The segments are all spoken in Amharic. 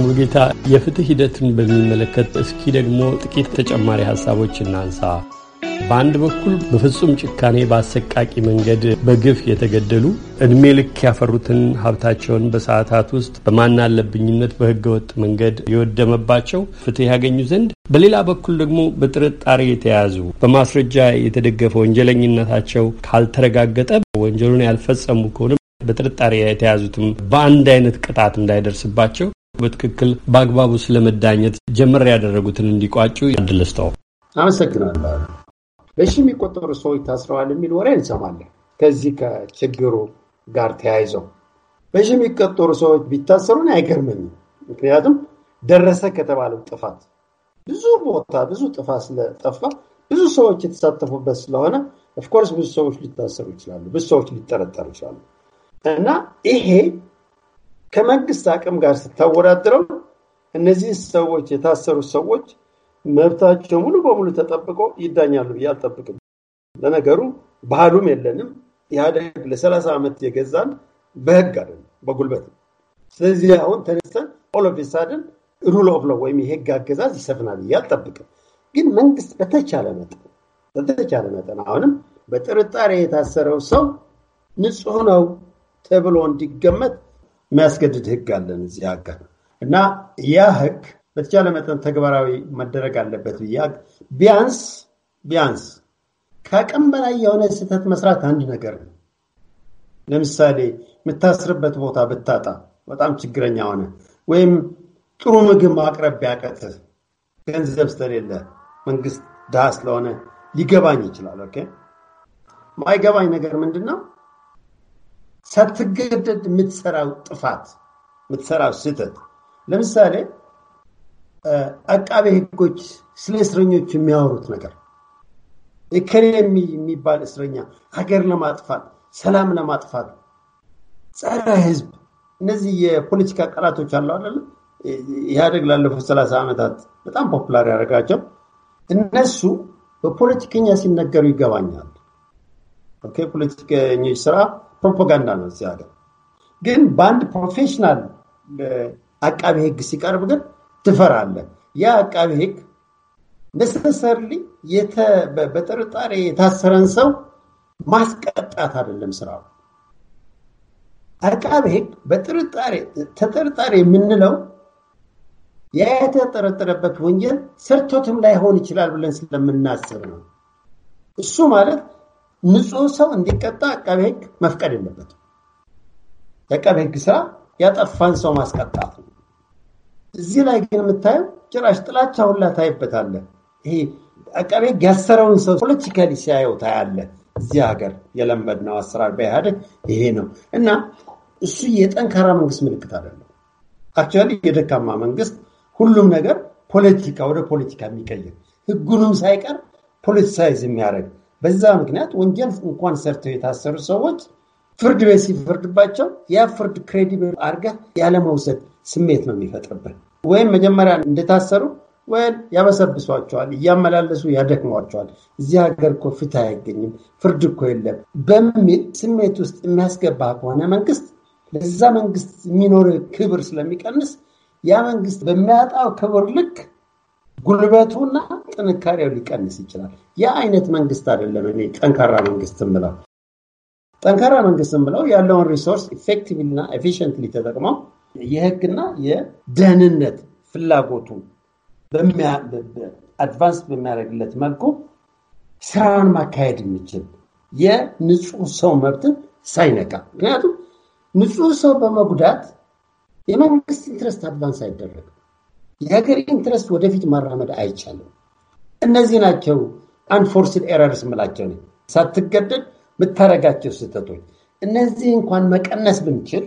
ሙሉጌታ የፍትህ ሂደትን በሚመለከት እስኪ ደግሞ ጥቂት ተጨማሪ ሀሳቦች እናንሳ። በአንድ በኩል በፍጹም ጭካኔ በአሰቃቂ መንገድ በግፍ የተገደሉ ዕድሜ ልክ ያፈሩትን ሀብታቸውን በሰዓታት ውስጥ በማናለብኝነት በህገወጥ መንገድ የወደመባቸው ፍትህ ያገኙ ዘንድ፣ በሌላ በኩል ደግሞ በጥርጣሬ የተያዙ በማስረጃ የተደገፈ ወንጀለኝነታቸው ካልተረጋገጠ ወንጀሉን ያልፈጸሙ ከሆነ በጥርጣሬ የተያዙትም በአንድ አይነት ቅጣት እንዳይደርስባቸው በትክክል በአግባቡ ስለመዳኘት ጀምር ያደረጉትን እንዲቋጩ ያድለስተው አመሰግናለሁ። በሺ የሚቆጠሩ ሰዎች ታስረዋል የሚል ወሬ እንሰማለን። ከዚህ ከችግሩ ጋር ተያይዘው በሺ የሚቆጠሩ ሰዎች ቢታሰሩን አይገርምም። ምክንያቱም ደረሰ ከተባለው ጥፋት ብዙ ቦታ ብዙ ጥፋት ስለጠፋ ብዙ ሰዎች የተሳተፉበት ስለሆነ ኦፍኮርስ ብዙ ሰዎች ሊታሰሩ ይችላሉ፣ ብዙ ሰዎች ሊጠረጠሩ ይችላሉ እና ይሄ ከመንግስት አቅም ጋር ስታወዳድረው እነዚህ ሰዎች የታሰሩት ሰዎች መብታቸው ሙሉ በሙሉ ተጠብቆ ይዳኛሉ ብዬ አልጠብቅም። ለነገሩ ባህሉም የለንም። ኢህአዴግ ለሰላሳ ዓመት የገዛን በህግ አይደለም በጉልበት ነው። ስለዚህ አሁን ተነስተን ኦሎፌሳድን ሩል ኦፍ ወይም የህግ አገዛዝ ይሰፍናል ብዬ አልጠብቅም። ግን መንግስት በተቻለ መጠን በተቻለ መጠን አሁንም በጥርጣሬ የታሰረው ሰው ንጹህ ነው ተብሎ እንዲገመት የሚያስገድድ ህግ አለን እዚህ ሀገር እና ያ ህግ በተቻለ መጠን ተግባራዊ መደረግ አለበት ብያ ቢያንስ ቢያንስ ከቅም በላይ የሆነ ስህተት መስራት አንድ ነገር ነው። ለምሳሌ የምታስርበት ቦታ ብታጣ፣ በጣም ችግረኛ ሆነ፣ ወይም ጥሩ ምግብ ማቅረብ ቢያቀት፣ ገንዘብ ስለሌለ መንግስት ድሃ ስለሆነ ሊገባኝ ይችላል። ኦኬ ማይገባኝ ነገር ምንድን ነው? ሳትገደድ የምትሰራው ጥፋት የምትሰራው ስህተት ለምሳሌ አቃቤ ህጎች ስለ እስረኞች የሚያወሩት ነገር እከሌ የሚባል እስረኛ ሀገር ለማጥፋት ሰላም ለማጥፋት ጸረ ህዝብ እነዚህ የፖለቲካ ቃላቶች አለው አይደለ? ኢህአደግ ላለፉት ሰላሳ ዓመታት በጣም ፖፑላር ያደረጋቸው እነሱ በፖለቲከኛ ሲነገሩ ይገባኛል። ፖለቲከኞች ስራ ፕሮፓጋንዳ ነው እዚህ ሀገር። ግን በአንድ ፕሮፌሽናል አቃቢ ህግ ሲቀርብ ግን ትፈራለህ። ያ አቃቢ ህግ ነሰሰርሊ በጥርጣሬ የታሰረን ሰው ማስቀጣት አይደለም ስራው። አቃቢ ህግ በጥርጣሬ ተጠርጣሪ የምንለው ያ የተጠረጠረበት ወንጀል ሰርቶትም ላይሆን ይችላል ብለን ስለምናስብ ነው። እሱ ማለት ንጹህ ሰው እንዲቀጣ አቃቤ ህግ መፍቀድ የለበትም። የአቃቤ ህግ ስራ ያጠፋን ሰው ማስቀጣት ነው። እዚህ ላይ ግን የምታየው ጭራሽ ጥላቻ ሁላ ታይበታለህ። ይሄ አቃቤ ህግ ያሰረውን ሰው ፖለቲካሊ ሲያየው ታያለ። እዚህ ሀገር የለመድነው አሰራር በኢህአዴግ ይሄ ነው እና እሱ የጠንካራ መንግስት ምልክት አይደለም። አክቹዋሊ የደካማ መንግስት ሁሉም ነገር ፖለቲካ ወደ ፖለቲካ የሚቀይር ህጉንም ሳይቀር ፖለቲሳይዝ የሚያደርግ በዛ ምክንያት ወንጀል እንኳን ሰርተው የታሰሩ ሰዎች ፍርድ ቤት ሲፈርድባቸው ያ ፍርድ ክሬዲብል አድርገህ ያለመውሰድ ስሜት ነው የሚፈጥርብን። ወይም መጀመሪያ እንደታሰሩ ወይም ያበሰብሷቸዋል፣ እያመላለሱ ያደክሟቸዋል። እዚህ ሀገር እኮ ፍትህ አይገኝም፣ ፍርድ እኮ የለም በሚል ስሜት ውስጥ የሚያስገባ ከሆነ መንግስት ለዛ መንግስት የሚኖር ክብር ስለሚቀንስ ያ መንግስት በሚያጣው ክብር ልክ ጉልበቱና ጥንካሬው ሊቀንስ ይችላል። ያ አይነት መንግስት አይደለም እኔ ጠንካራ መንግስት ምለው። ጠንካራ መንግስት ምለው ያለውን ሪሶርስ ኢፌክቲቭና ኤፊሽንትሊ ተጠቅመው የህግና የደህንነት ፍላጎቱ አድቫንስ በሚያደርግለት መልኩ ስራውን ማካሄድ የሚችል የንጹህ ሰው መብትን ሳይነቃ ምክንያቱም ንጹህ ሰው በመጉዳት የመንግስት ኢንትረስት አድቫንስ አይደረግም። የሀገር ኢንትረስት ወደፊት ማራመድ አይቻልም። እነዚህ ናቸው አንፎርስድ ኤረርስ ምላቸው ነ ሳትገደድ የምታረጋቸው ስህተቶች እነዚህ እንኳን መቀነስ ብንችል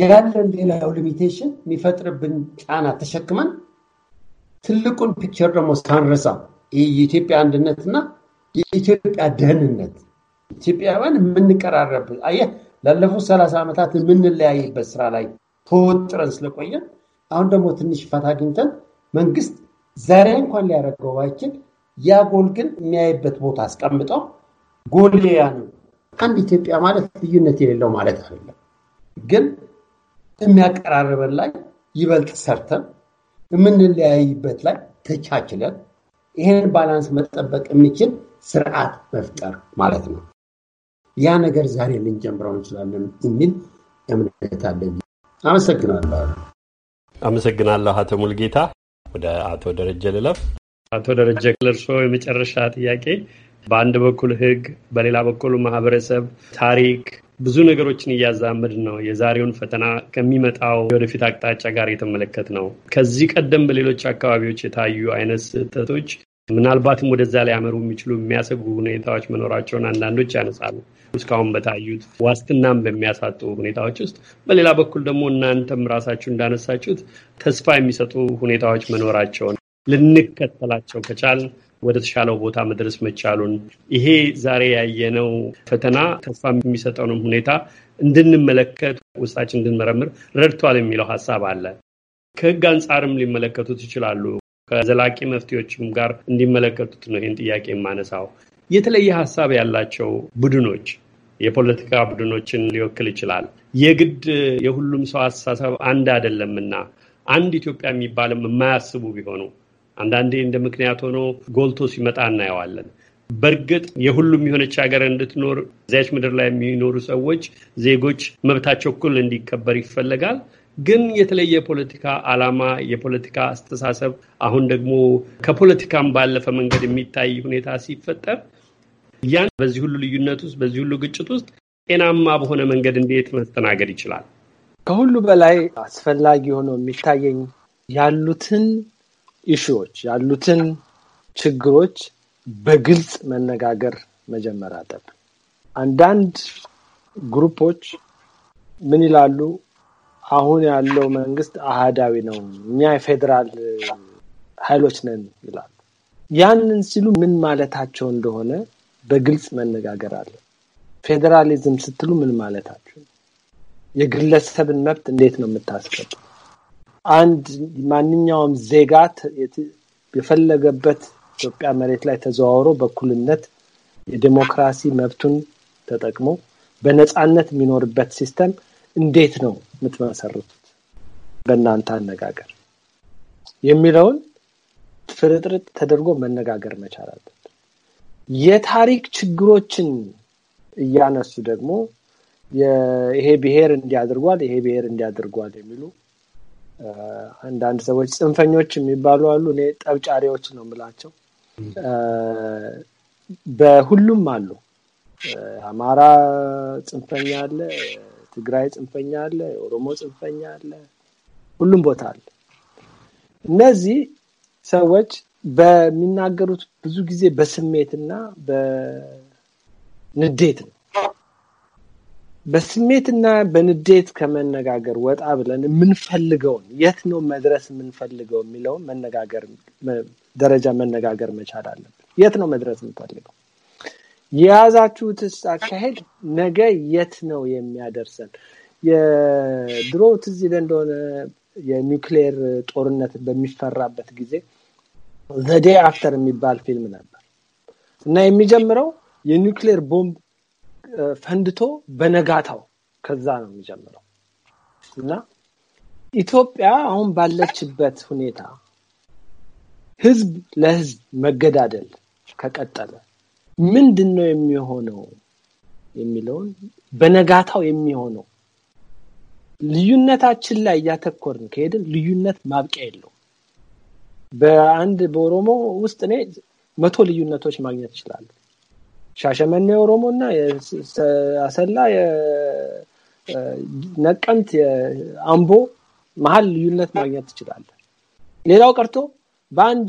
ያለን ሌላው ሊሚቴሽን የሚፈጥርብን ጫና ተሸክመን ትልቁን ፒክቸር ደግሞ ሳንረሳ የኢትዮጵያ አንድነትና የኢትዮጵያ ደህንነት ኢትዮጵያውያን የምንቀራረብ አየህ ላለፉት ሰላሳ ዓመታት የምንለያይበት ስራ ላይ ተወጥረን ስለቆየን አሁን ደግሞ ትንሽ ፈታ አግኝተን መንግስት ዛሬ እንኳን ሊያደርገው ባይችል ያ ጎል ግን የሚያይበት ቦታ አስቀምጠው ጎል ያ ነው። አንድ ኢትዮጵያ ማለት ልዩነት የሌለው ማለት አይደለም፣ ግን የሚያቀራርበን ላይ ይበልጥ ሰርተን የምንለያይበት ላይ ተቻችለን ይህንን ባላንስ መጠበቅ የሚችል ስርዓት መፍጠር ማለት ነው። ያ ነገር ዛሬ ልንጀምረው እንችላለን የሚል እምነት አለኝ። አመሰግናለሁ። አመሰግናለሁ አቶ ሙልጌታ። ወደ አቶ ደረጀ ልለፍ። አቶ ደረጀ ለእርስዎ የመጨረሻ ጥያቄ በአንድ በኩል ህግ በሌላ በኩል ማህበረሰብ፣ ታሪክ ብዙ ነገሮችን እያዛመድ ነው። የዛሬውን ፈተና ከሚመጣው የወደፊት አቅጣጫ ጋር የተመለከት ነው። ከዚህ ቀደም በሌሎች አካባቢዎች የታዩ አይነት ስህተቶች ምናልባትም ወደዛ ሊያመሩ የሚችሉ የሚያሰጉ ሁኔታዎች መኖራቸውን አንዳንዶች ያነሳሉ። እስካሁን በታዩት ዋስትናም በሚያሳጡ ሁኔታዎች ውስጥ፣ በሌላ በኩል ደግሞ እናንተም ራሳችሁ እንዳነሳችሁት ተስፋ የሚሰጡ ሁኔታዎች መኖራቸውን ልንከተላቸው ከቻል ወደ ተሻለው ቦታ መድረስ መቻሉን ይሄ ዛሬ ያየነው ፈተና ተስፋ የሚሰጠውንም ሁኔታ እንድንመለከት ውስጣችን እንድንመረምር ረድቷል የሚለው ሀሳብ አለ። ከህግ አንጻርም ሊመለከቱት ይችላሉ። ከዘላቂ መፍትሄዎችም ጋር እንዲመለከቱት ነው ይህን ጥያቄ የማነሳው። የተለየ ሀሳብ ያላቸው ቡድኖች የፖለቲካ ቡድኖችን ሊወክል ይችላል። የግድ የሁሉም ሰው አስተሳሰብ አንድ አይደለምና አንድ ኢትዮጵያ የሚባልም የማያስቡ ቢሆኑ አንዳንዴ እንደ ምክንያት ሆኖ ጎልቶ ሲመጣ እናየዋለን። በእርግጥ የሁሉም የሆነች ሀገር እንድትኖር እዚያች ምድር ላይ የሚኖሩ ሰዎች ዜጎች መብታቸው እኩል እንዲከበር ይፈለጋል። ግን የተለየ የፖለቲካ ዓላማ፣ የፖለቲካ አስተሳሰብ አሁን ደግሞ ከፖለቲካም ባለፈ መንገድ የሚታይ ሁኔታ ሲፈጠር ያን በዚህ ሁሉ ልዩነት ውስጥ በዚህ ሁሉ ግጭት ውስጥ ጤናማ በሆነ መንገድ እንዴት መስተናገድ ይችላል? ከሁሉ በላይ አስፈላጊ ሆኖ የሚታየኝ ያሉትን ኢሹዎች ያሉትን ችግሮች በግልጽ መነጋገር መጀመር አለብን። አንዳንድ ግሩፖች ምን ይላሉ? አሁን ያለው መንግስት አህዳዊ ነው፣ እኛ የፌዴራል ኃይሎች ነን ይላሉ። ያንን ሲሉ ምን ማለታቸው እንደሆነ በግልጽ መነጋገር አለ። ፌዴራሊዝም ስትሉ ምን ማለታችሁ የግለሰብን መብት እንዴት ነው የምታስገቡ? አንድ ማንኛውም ዜጋ የፈለገበት ኢትዮጵያ መሬት ላይ ተዘዋውሮ በኩልነት የዴሞክራሲ መብቱን ተጠቅሞ በነፃነት የሚኖርበት ሲስተም እንዴት ነው የምትመሰርቱት በእናንተ አነጋገር የሚለውን ፍርጥርጥ ተደርጎ መነጋገር መቻላለን። የታሪክ ችግሮችን እያነሱ ደግሞ ይሄ ብሔር እንዲያደርጓል ይሄ ብሔር እንዲያደርጓል የሚሉ አንዳንድ ሰዎች ጽንፈኞች የሚባሉ አሉ። እኔ ጠብጫሪዎች ነው የምላቸው። በሁሉም አሉ። አማራ ጽንፈኛ አለ፣ ትግራይ ጽንፈኛ አለ፣ የኦሮሞ ጽንፈኛ አለ፣ ሁሉም ቦታ አለ። እነዚህ ሰዎች በሚናገሩት ብዙ ጊዜ በስሜትና በንዴት ነው። በስሜትና በንዴት ከመነጋገር ወጣ ብለን የምንፈልገውን የት ነው መድረስ የምንፈልገው የሚለውን መነጋገር ደረጃ መነጋገር መቻል አለብን። የት ነው መድረስ የምንፈልገው? የያዛችሁትስ አካሄድ ነገ የት ነው የሚያደርሰን? የድሮ ትዝ ይለን እንደሆነ የኒውክሌር ጦርነት በሚፈራበት ጊዜ ዘዴ አፍተር የሚባል ፊልም ነበር እና የሚጀምረው የኒውክሌር ቦምብ ፈንድቶ በነጋታው ከዛ ነው የሚጀምረው እና ኢትዮጵያ አሁን ባለችበት ሁኔታ ህዝብ ለህዝብ መገዳደል ከቀጠለ ምንድን ነው የሚሆነው የሚለውን በነጋታው የሚሆነው ልዩነታችን ላይ እያተኮርን ከሄድን ልዩነት ማብቂያ የለው? በአንድ በኦሮሞ ውስጥ እኔ መቶ ልዩነቶች ማግኘት ይችላል። ሻሸመኔ የኦሮሞ እና አሰላ፣ ነቀምት፣ አምቦ መሀል ልዩነት ማግኘት ትችላለ። ሌላው ቀርቶ በአንድ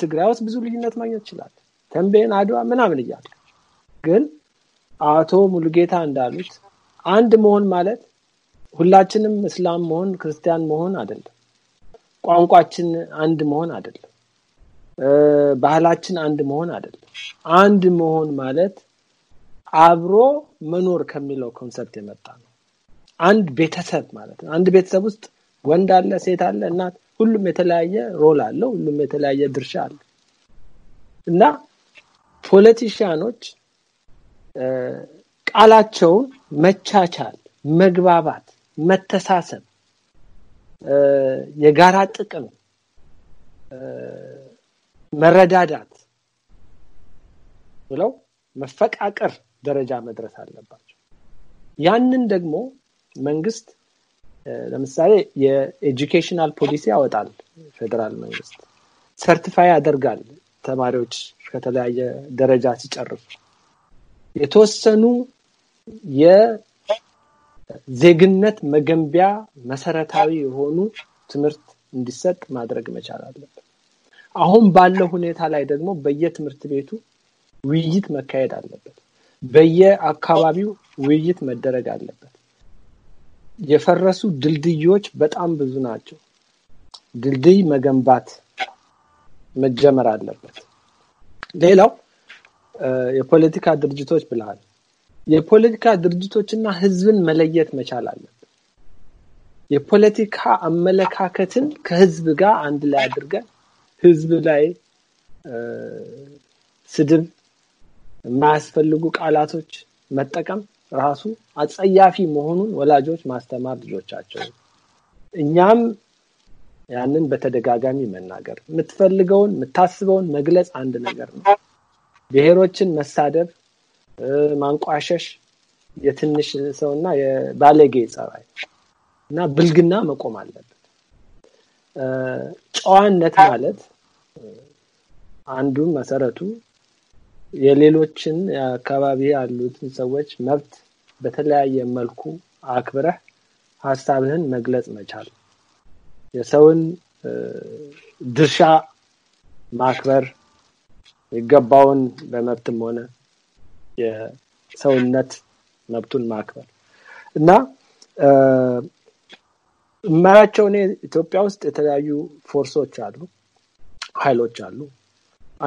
ትግራይ ውስጥ ብዙ ልዩነት ማግኘት ይችላል። ተንቤን፣ አድዋ ምናምን እያለ ግን አቶ ሙሉጌታ እንዳሉት አንድ መሆን ማለት ሁላችንም እስላም መሆን ክርስቲያን መሆን አይደለም። ቋንቋችን አንድ መሆን አይደለም። ባህላችን አንድ መሆን አይደለም። አንድ መሆን ማለት አብሮ መኖር ከሚለው ኮንሰፕት የመጣ ነው። አንድ ቤተሰብ ማለት ነው። አንድ ቤተሰብ ውስጥ ወንድ አለ፣ ሴት አለ፣ እናት፣ ሁሉም የተለያየ ሮል አለው፣ ሁሉም የተለያየ ድርሻ አለ እና ፖለቲሽያኖች ቃላቸውን መቻቻል፣ መግባባት፣ መተሳሰብ የጋራ ጥቅም፣ መረዳዳት ብለው መፈቃቀር ደረጃ መድረስ አለባቸው። ያንን ደግሞ መንግስት ለምሳሌ የኤጁኬሽናል ፖሊሲ ያወጣል። ፌዴራል መንግስት ሰርቲፋይ ያደርጋል ተማሪዎች ከተለያየ ደረጃ ሲጨርሱ የተወሰኑ ዜግነት መገንቢያ መሰረታዊ የሆኑ ትምህርት እንዲሰጥ ማድረግ መቻል አለብን። አሁን ባለው ሁኔታ ላይ ደግሞ በየትምህርት ቤቱ ውይይት መካሄድ አለበት። በየአካባቢው ውይይት መደረግ አለበት። የፈረሱ ድልድዮች በጣም ብዙ ናቸው። ድልድይ መገንባት መጀመር አለበት። ሌላው የፖለቲካ ድርጅቶች ብለሃል። የፖለቲካ ድርጅቶችና ህዝብን መለየት መቻል አለብን። የፖለቲካ አመለካከትን ከህዝብ ጋር አንድ ላይ አድርገን ህዝብ ላይ ስድብ፣ የማያስፈልጉ ቃላቶች መጠቀም ራሱ አጸያፊ መሆኑን ወላጆች ማስተማር ልጆቻቸው፣ እኛም ያንን በተደጋጋሚ መናገር፣ የምትፈልገውን የምታስበውን መግለጽ አንድ ነገር ነው። ብሔሮችን መሳደብ ማንቋሸሽ፣ የትንሽ ሰውና የባለጌ ጸባይ እና ብልግና መቆም አለበት። ጨዋነት ማለት አንዱ መሰረቱ የሌሎችን አካባቢ ያሉትን ሰዎች መብት በተለያየ መልኩ አክብረህ ሀሳብህን መግለጽ መቻል፣ የሰውን ድርሻ ማክበር፣ የገባውን በመብትም ሆነ የሰውነት መብቱን ማክበር እና እማያቸው እኔ ኢትዮጵያ ውስጥ የተለያዩ ፎርሶች አሉ፣ ኃይሎች አሉ።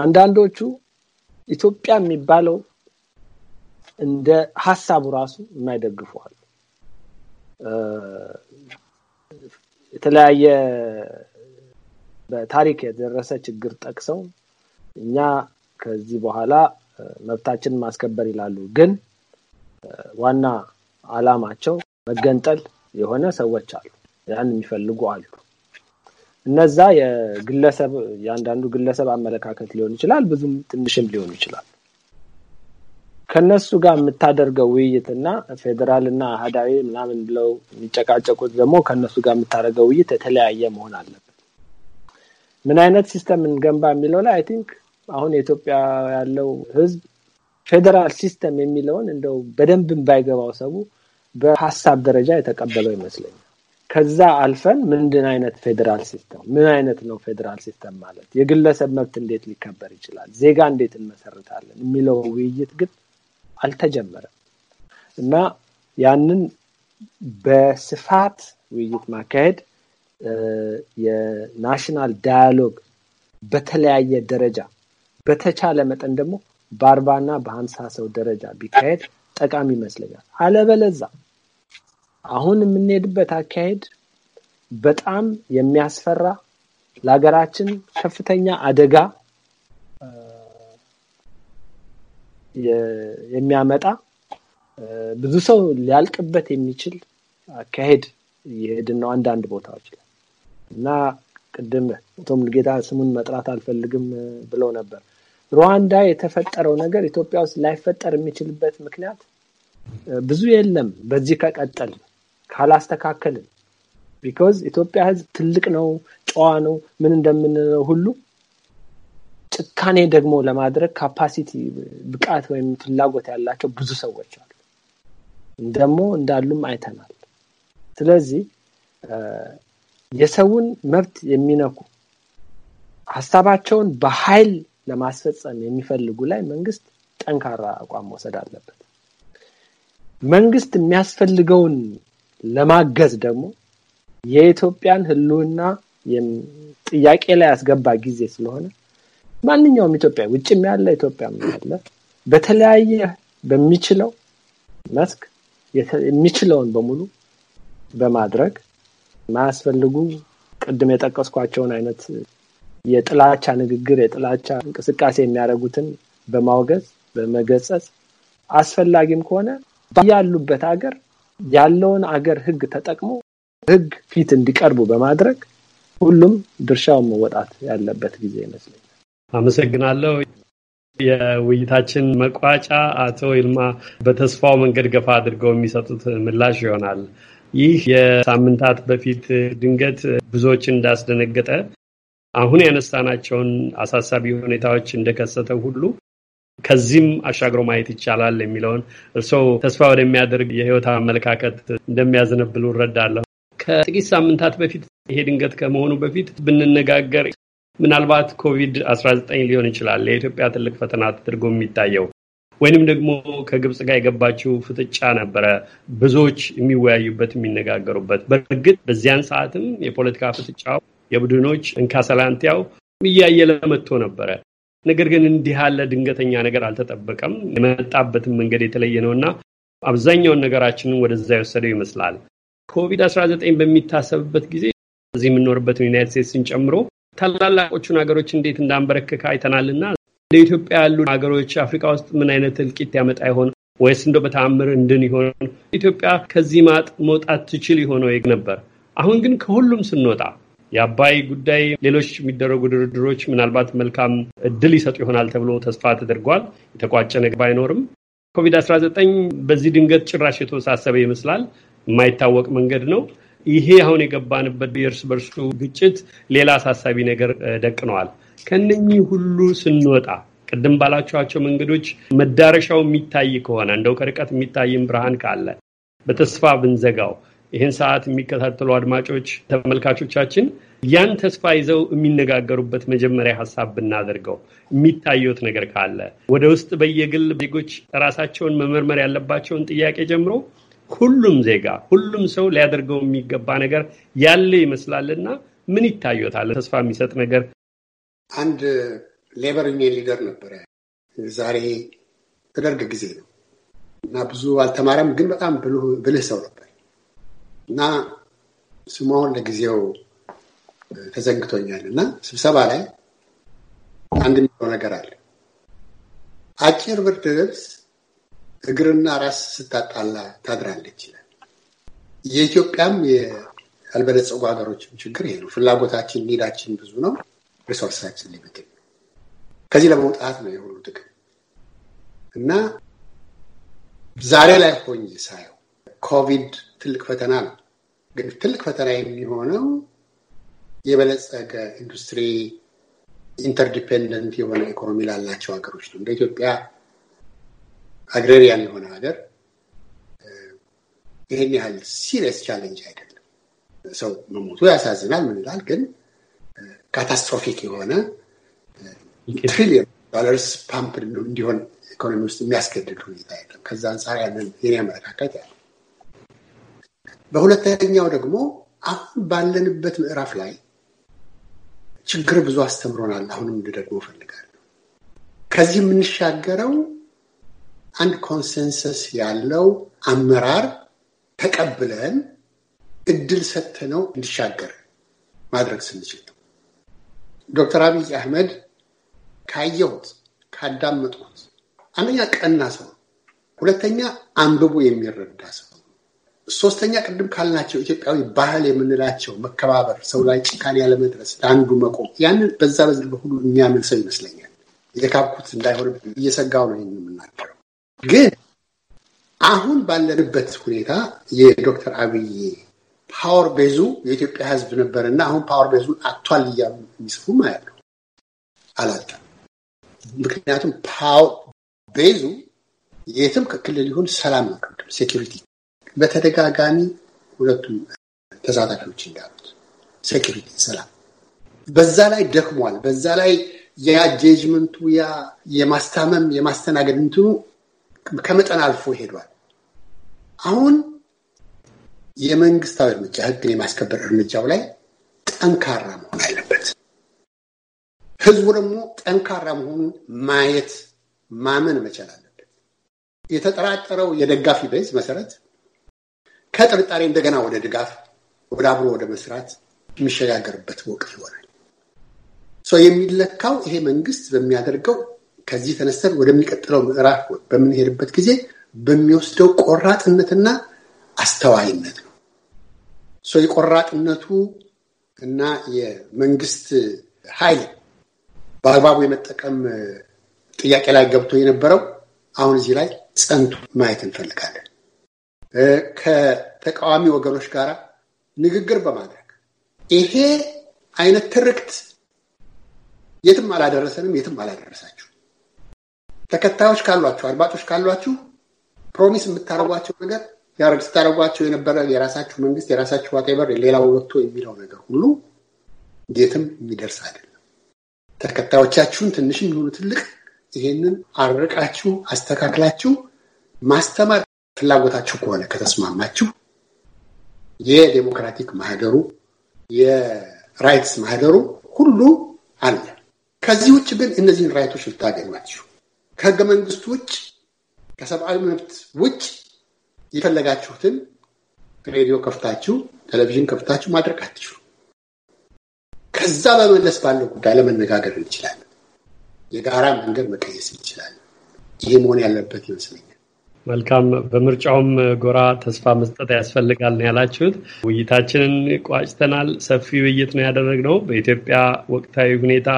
አንዳንዶቹ ኢትዮጵያ የሚባለው እንደ ሀሳቡ ራሱ የማይደግፈዋል። የተለያየ በታሪክ የደረሰ ችግር ጠቅሰው እኛ ከዚህ በኋላ መብታችን ማስከበር ይላሉ። ግን ዋና አላማቸው መገንጠል የሆነ ሰዎች አሉ፣ ያን የሚፈልጉ አሉ። እነዛ የግለሰብ የአንዳንዱ ግለሰብ አመለካከት ሊሆን ይችላል፣ ብዙም ትንሽም ሊሆኑ ይችላል። ከነሱ ጋር የምታደርገው ውይይትና ፌዴራል እና አህዳዊ ምናምን ብለው የሚጨቃጨቁት ደግሞ ከነሱ ጋር የምታደርገው ውይይት የተለያየ መሆን አለበት። ምን አይነት ሲስተም እንገንባ የሚለው ላይ አይ ቲንክ አሁን የኢትዮጵያ ያለው ህዝብ ፌዴራል ሲስተም የሚለውን እንደው በደንብ ባይገባው ሰቡ በሀሳብ ደረጃ የተቀበለው ይመስለኛል። ከዛ አልፈን ምንድን አይነት ፌዴራል ሲስተም ምን አይነት ነው ፌዴራል ሲስተም ማለት የግለሰብ መብት እንዴት ሊከበር ይችላል፣ ዜጋ እንዴት እንመሰርታለን የሚለው ውይይት ግን አልተጀመረም እና ያንን በስፋት ውይይት ማካሄድ የናሽናል ዳያሎግ በተለያየ ደረጃ በተቻለ መጠን ደግሞ በአርባና በሀምሳ ሰው ደረጃ ቢካሄድ ጠቃሚ ይመስለኛል። አለበለዛ አሁን የምንሄድበት አካሄድ በጣም የሚያስፈራ ለሀገራችን ከፍተኛ አደጋ የሚያመጣ ብዙ ሰው ሊያልቅበት የሚችል አካሄድ እየሄድን ነው አንዳንድ ቦታዎች ላይ እና ቅድም አቶ ስሙን መጥራት አልፈልግም ብለው ነበር ሩዋንዳ የተፈጠረው ነገር ኢትዮጵያ ውስጥ ላይፈጠር የሚችልበት ምክንያት ብዙ የለም። በዚህ ከቀጠል ካላስተካከልን፣ ቢኮዝ ኢትዮጵያ ሕዝብ ትልቅ ነው፣ ጨዋ ነው፣ ምን እንደምንለው ሁሉ ጭካኔ ደግሞ ለማድረግ ካፓሲቲ ብቃት ወይም ፍላጎት ያላቸው ብዙ ሰዎች አሉ፣ ደግሞ እንዳሉም አይተናል። ስለዚህ የሰውን መብት የሚነኩ ሀሳባቸውን በኃይል ለማስፈጸም የሚፈልጉ ላይ መንግስት ጠንካራ አቋም መውሰድ አለበት። መንግስት የሚያስፈልገውን ለማገዝ ደግሞ የኢትዮጵያን ህልውና ጥያቄ ላይ ያስገባ ጊዜ ስለሆነ ማንኛውም ኢትዮጵያ ውጭም ያለ ኢትዮጵያም ያለ በተለያየ በሚችለው መስክ የሚችለውን በሙሉ በማድረግ ማያስፈልጉ ቅድም የጠቀስኳቸውን አይነት የጥላቻ ንግግር፣ የጥላቻ እንቅስቃሴ የሚያደርጉትን በማውገዝ በመገጸጽ አስፈላጊም ከሆነ ያሉበት ሀገር ያለውን አገር ህግ ተጠቅሞ ህግ ፊት እንዲቀርቡ በማድረግ ሁሉም ድርሻውን መወጣት ያለበት ጊዜ ይመስለኛል። አመሰግናለሁ። የውይይታችን መቋጫ አቶ ይልማ በተስፋው መንገድ ገፋ አድርገው የሚሰጡት ምላሽ ይሆናል። ይህ የሳምንታት በፊት ድንገት ብዙዎችን እንዳስደነገጠ አሁን ያነሳናቸውን አሳሳቢ ሁኔታዎች እንደከሰተው ሁሉ ከዚህም አሻግሮ ማየት ይቻላል የሚለውን እርስዎ ተስፋ ወደሚያደርግ የህይወት አመለካከት እንደሚያዘነብሉ እረዳለሁ። ከጥቂት ሳምንታት በፊት ይሄ ድንገት ከመሆኑ በፊት ብንነጋገር ምናልባት ኮቪድ 19 ሊሆን ይችላል ለኢትዮጵያ ትልቅ ፈተና ተደርጎ የሚታየው ወይንም ደግሞ ከግብፅ ጋር የገባችው ፍጥጫ ነበረ ብዙዎች የሚወያዩበት የሚነጋገሩበት። በእርግጥ በዚያን ሰዓትም የፖለቲካ ፍጥጫው የቡድኖች እንካሰላንቲያው እያየለ መጥቶ ነበረ። ነገር ግን እንዲህ ያለ ድንገተኛ ነገር አልተጠበቀም። የመጣበትም መንገድ የተለየ ነው እና አብዛኛውን ነገራችንን ወደዛ የወሰደው ይመስላል። ኮቪድ-19 በሚታሰብበት ጊዜ እዚህ የምንኖርበትን ዩናይት ስቴትስን ጨምሮ ታላላቆቹን ሀገሮች እንዴት እንዳንበረከከ አይተናልና እንደ ኢትዮጵያ ያሉ ሀገሮች አፍሪካ ውስጥ ምን አይነት እልቂት ያመጣ ይሆን ወይስ እንደ በተአምር እንድን ይሆን ኢትዮጵያ ከዚህ ማጥ መውጣት ትችል የሆነው ነበር። አሁን ግን ከሁሉም ስንወጣ የአባይ ጉዳይ፣ ሌሎች የሚደረጉ ድርድሮች ምናልባት መልካም እድል ይሰጡ ይሆናል ተብሎ ተስፋ ተደርጓል። የተቋጨ ነገር ባይኖርም ኮቪድ-19 በዚህ ድንገት ጭራሽ የተወሳሰበ ይመስላል። የማይታወቅ መንገድ ነው። ይሄ አሁን የገባንበት የእርስ በርሱ ግጭት ሌላ አሳሳቢ ነገር ደቅነዋል። ከነኚህ ሁሉ ስንወጣ ቅድም ባላችኋቸው መንገዶች መዳረሻው የሚታይ ከሆነ እንደው ከርቀት የሚታይም ብርሃን ካለ በተስፋ ብንዘጋው ይህን ሰዓት የሚከታተሉ አድማጮች ተመልካቾቻችን ያን ተስፋ ይዘው የሚነጋገሩበት መጀመሪያ ሀሳብ ብናደርገው የሚታየት ነገር ካለ ወደ ውስጥ በየግል ዜጎች ራሳቸውን መመርመር ያለባቸውን ጥያቄ ጀምሮ ሁሉም ዜጋ ሁሉም ሰው ሊያደርገው የሚገባ ነገር ያለ ይመስላልና ምን ይታየታል? ተስፋ የሚሰጥ ነገር አንድ ሌበር ዩኒየን ሊደር ነበረ። ዛሬ ተደርግ ጊዜ ነው እና ብዙ አልተማረም፣ ግን በጣም ብልህ ሰው ነበር እና አሁን ለጊዜው ተዘንግቶኛል እና ስብሰባ ላይ አንድ የሚለው ነገር አለ። አጭር ብርድ ልብስ እግርና ራስ ስታጣላ ታድራለች ይላል። የኢትዮጵያም ያልበለጸጉ ሀገሮችም ችግር ይሄ ነው። ፍላጎታችን ኒዳችን ብዙ ነው። ሪሶርሳችን ሊሚትድ ነው። ከዚህ ለመውጣት ነው የሁሉ ጥቅም እና ዛሬ ላይ ሆኜ ሳየው ኮቪድ ትልቅ ፈተና ነው። ግን ትልቅ ፈተና የሚሆነው የበለጸገ ኢንዱስትሪ ኢንተርዲፔንደንት የሆነ ኢኮኖሚ ላላቸው ሀገሮች ነው። እንደ ኢትዮጵያ አግሬሪያን የሆነ ሀገር ይህን ያህል ሲሪየስ ቻለንጅ አይደለም። ሰው መሞቱ ያሳዝናል፣ ምን ይላል ግን ካታስትሮፊክ የሆነ ትሪሊየን ዶላርስ ፓምፕ እንዲሆን ኢኮኖሚ ውስጥ የሚያስገድድ ሁኔታ የለም። ከዛ አንጻር ያለን የኔ አመለካከት ያለ በሁለተኛው ደግሞ አሁን ባለንበት ምዕራፍ ላይ ችግር ብዙ አስተምሮናል። አሁንም እንድደግሞ እፈልጋለሁ። ከዚህ የምንሻገረው አንድ ኮንሰንሰስ ያለው አመራር ተቀብለን እድል ሰጥተነው እንዲሻገር ማድረግ ስንችል ነው። ዶክተር አብይ አህመድ ካየሁት ካዳመጥኩት፣ አንደኛ ቀና ሰው፣ ሁለተኛ አንብቦ የሚረዳ ሰው፣ ሶስተኛ ቅድም ካልናቸው ኢትዮጵያዊ ባህል የምንላቸው መከባበር፣ ሰው ላይ ጭካኔ ያለመድረስ፣ ለአንዱ መቆም ያንን በዛ በዚህ በሁሉ የሚያምን ሰው ይመስለኛል። የተካብኩት እንዳይሆን እየሰጋው ነው ይህን የምናገረው። ግን አሁን ባለንበት ሁኔታ የዶክተር አብይ ፓወር ቤዙ የኢትዮጵያ ሕዝብ ነበር እና አሁን ፓወር ቤዙን አቷል እያሉ የሚጽፉ ማለት አላጣ ምክንያቱም ፓወር ቤዙ የትም ከክልል ይሁን ሰላም ነው፣ ሴኪሪቲ በተደጋጋሚ ሁለቱም ተሳታፊዎች እንዳሉት ሴኪሪቲ፣ ሰላም በዛ ላይ ደክሟል። በዛ ላይ የአጀጅመንቱ ያ የማስታመም የማስተናገድ እንትኑ ከመጠን አልፎ ሄዷል። አሁን የመንግስታዊ እርምጃ ህግን የማስከበር እርምጃው ላይ ጠንካራ መሆን አለበት። ህዝቡ ደግሞ ጠንካራ መሆኑን ማየት ማመን መቻል አለበት። የተጠራጠረው የደጋፊ ቤዝ መሰረት ከጥርጣሬ እንደገና ወደ ድጋፍ፣ ወደ አብሮ ወደ መስራት የሚሸጋገርበት ወቅት ይሆናል። የሚለካው ይሄ መንግስት በሚያደርገው ከዚህ ተነስተን ወደሚቀጥለው ምዕራፍ በምንሄድበት ጊዜ በሚወስደው ቆራጥነትና አስተዋይነት ነው። የቆራጥነቱ እና የመንግስት ኃይል በአግባቡ የመጠቀም ጥያቄ ላይ ገብቶ የነበረው አሁን እዚህ ላይ ፀንቱ ማየት እንፈልጋለን። ከተቃዋሚ ወገኖች ጋር ንግግር በማድረግ ይሄ አይነት ትርክት የትም አላደረሰንም፣ የትም አላደረሳችሁ። ተከታዮች ካሏችሁ፣ አድማጮች ካሏችሁ ፕሮሚስ የምታደርጓቸው ነገር ያረግ ስታደርጓቸው የነበረ የራሳችሁ መንግስት የራሳችሁ ዋቴበር ሌላው ወጥቶ የሚለው ነገር ሁሉ የትም የሚደርስ አይደለም። ተከታዮቻችሁን ትንሽም ይሁኑ ትልቅ ይሄንን አርቃችሁ አስተካክላችሁ ማስተማር ፍላጎታችሁ ከሆነ ከተስማማችሁ የዴሞክራቲክ ማህደሩ የራይትስ ማህደሩ ሁሉ አለ። ከዚህ ውጭ ግን እነዚህን ራይቶች ልታገኟችሁ ከህገ መንግስቱ ውጭ ከሰብአዊ መብት ውጭ የፈለጋችሁትን ሬዲዮ ከፍታችሁ ቴሌቪዥን ከፍታችሁ ማድረግ አትችሉ። ከዛ በመለስ ባለው ጉዳይ ለመነጋገር እንችላለን። የጋራ መንገድ መቀየስ እንችላለን። ይህ መሆን ያለበት ይመስለኛል። መልካም በምርጫውም ጎራ ተስፋ መስጠት ያስፈልጋል ነው ያላችሁት። ውይይታችንን ቋጭተናል። ሰፊ ውይይት ነው ያደረግነው በኢትዮጵያ ወቅታዊ ሁኔታ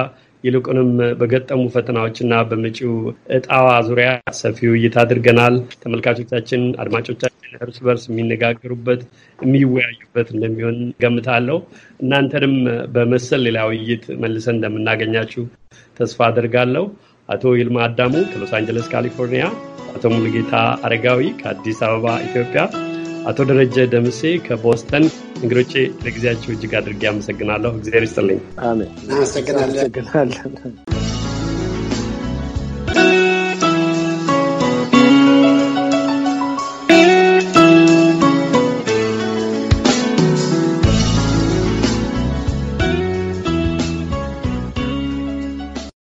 ይልቁንም በገጠሙ ፈተናዎችና በመጪው እጣዋ ዙሪያ ሰፊ ውይይት አድርገናል። ተመልካቾቻችን፣ አድማጮቻችን እርስ በርስ የሚነጋገሩበት የሚወያዩበት እንደሚሆን ገምታለሁ። እናንተንም በመሰል ሌላ ውይይት መልሰን እንደምናገኛችሁ ተስፋ አድርጋለሁ። አቶ ይልማ አዳሙ ከሎስ አንጀለስ ካሊፎርኒያ፣ አቶ ሙሉጌታ አረጋዊ ከአዲስ አበባ ኢትዮጵያ፣ አቶ ደረጀ ደምሴ ከቦስተን እንግዶቼ ለጊዜያቸው እጅግ አድርጌ አመሰግናለሁ። እግዚአብሔር ይስጥልኝ። አሜን። እናመሰግናለን።